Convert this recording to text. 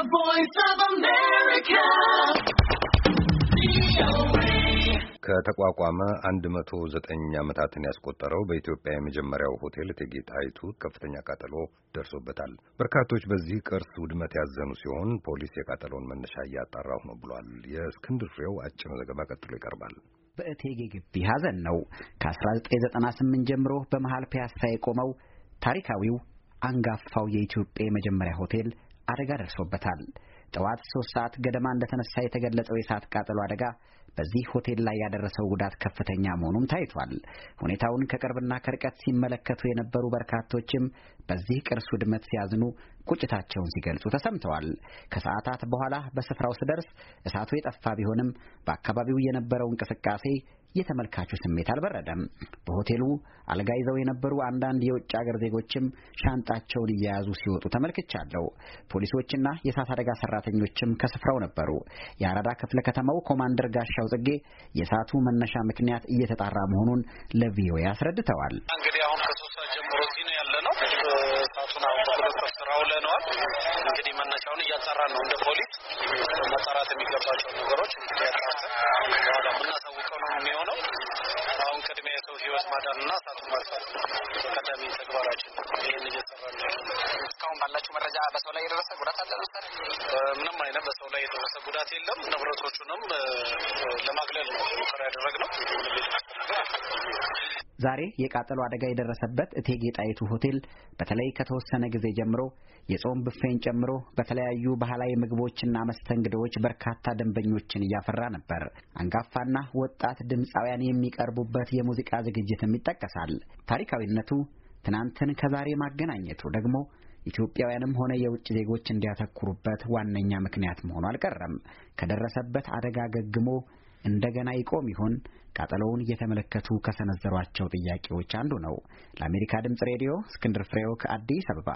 The Voice of America. ከተቋቋመ 109 ዓመታትን ያስቆጠረው በኢትዮጵያ የመጀመሪያው ሆቴል እቴጌ ጣይቱ ከፍተኛ ቃጠሎ ደርሶበታል። በርካቶች በዚህ ቅርስ ውድመት ያዘኑ ሲሆን ፖሊስ የቃጠሎውን መነሻ እያጣራሁ ነው ብሏል። የእስክንድር ፍሬው አጭር ዘገባ ቀጥሎ ይቀርባል። በእቴጌ ግቢ ሐዘን ነው። ከ1998 ጀምሮ በመሃል ፒያሳ የቆመው ታሪካዊው አንጋፋው የኢትዮጵያ የመጀመሪያ ሆቴል አደጋ ደርሶበታል። ጠዋት ሶስት ሰዓት ገደማ እንደተነሳ የተገለጸው የእሳት ቃጠሎ አደጋ በዚህ ሆቴል ላይ ያደረሰው ጉዳት ከፍተኛ መሆኑም ታይቷል። ሁኔታውን ከቅርብና ከርቀት ሲመለከቱ የነበሩ በርካቶችም በዚህ ቅርስ ውድመት ሲያዝኑ ቁጭታቸውን ሲገልጹ ተሰምተዋል። ከሰዓታት በኋላ በስፍራው ስደርስ እሳቱ የጠፋ ቢሆንም በአካባቢው የነበረው እንቅስቃሴ የተመልካቹ ስሜት አልበረደም። በሆቴሉ አልጋ ይዘው የነበሩ አንዳንድ የውጭ አገር ዜጎችም ሻንጣቸውን እየያዙ ሲወጡ ተመልክቻለሁ። ፖሊሶችና የእሳት አደጋ ሰራተኞችም ከስፍራው ነበሩ። የአራዳ ክፍለ ከተማው ኮማንደር ጋሻው ጽጌ የእሳቱ መነሻ ምክንያት እየተጣራ መሆኑን ለቪኦኤ አስረድተዋል። እንግዲህ አሁን ከሶስት ሰዓት ጀምሮ እዚህ ነው ያለ ነው። እሳቱን አሁን በቁጥጥር ስር አውለነዋል። እንግዲህ መነሻውን እያጣራ ነው። እንደ ፖሊስ መጣራት የሚገባቸው ነገሮች የሚሆነው አሁን ቅድሚያ የሰው ህይወት ማዳንና እሳቱን ማጥፋት በቀዳሚ ተግባራችን ይህን እየሰራ ነው። እስካሁን ባላችሁ መረጃ በሰው ላይ የደረሰ ጉዳት አለ? ምንም አይነት በሰው ላይ የደረሰ ጉዳት የለም። ንብረቶቹንም ለማግለል ነው ሙከራ ያደረግነው። ዛሬ የቃጠሎ አደጋ የደረሰበት እቴጌ ጣይቱ ሆቴል በተለይ ከተወሰነ ጊዜ ጀምሮ የጾም ብፌን ጨምሮ በተለያዩ ባህላዊ ምግቦችና መስተንግዶዎች በርካታ ደንበኞችን እያፈራ ነበር። አንጋፋና ወጣት ድምፃውያን የሚቀርቡበት የሙዚቃ ዝግጅትም ይጠቀሳል። ታሪካዊነቱ ትናንትን ከዛሬ ማገናኘቱ ደግሞ ኢትዮጵያውያንም ሆነ የውጭ ዜጎች እንዲያተኩሩበት ዋነኛ ምክንያት መሆኑ አልቀረም። ከደረሰበት አደጋ ገግሞ እንደገና ይቆም ይሆን? ቃጠሎውን እየተመለከቱ ከሰነዘሯቸው ጥያቄዎች አንዱ ነው። ለአሜሪካ ድምፅ ሬዲዮ እስክንድር ፍሬው ከአዲስ አበባ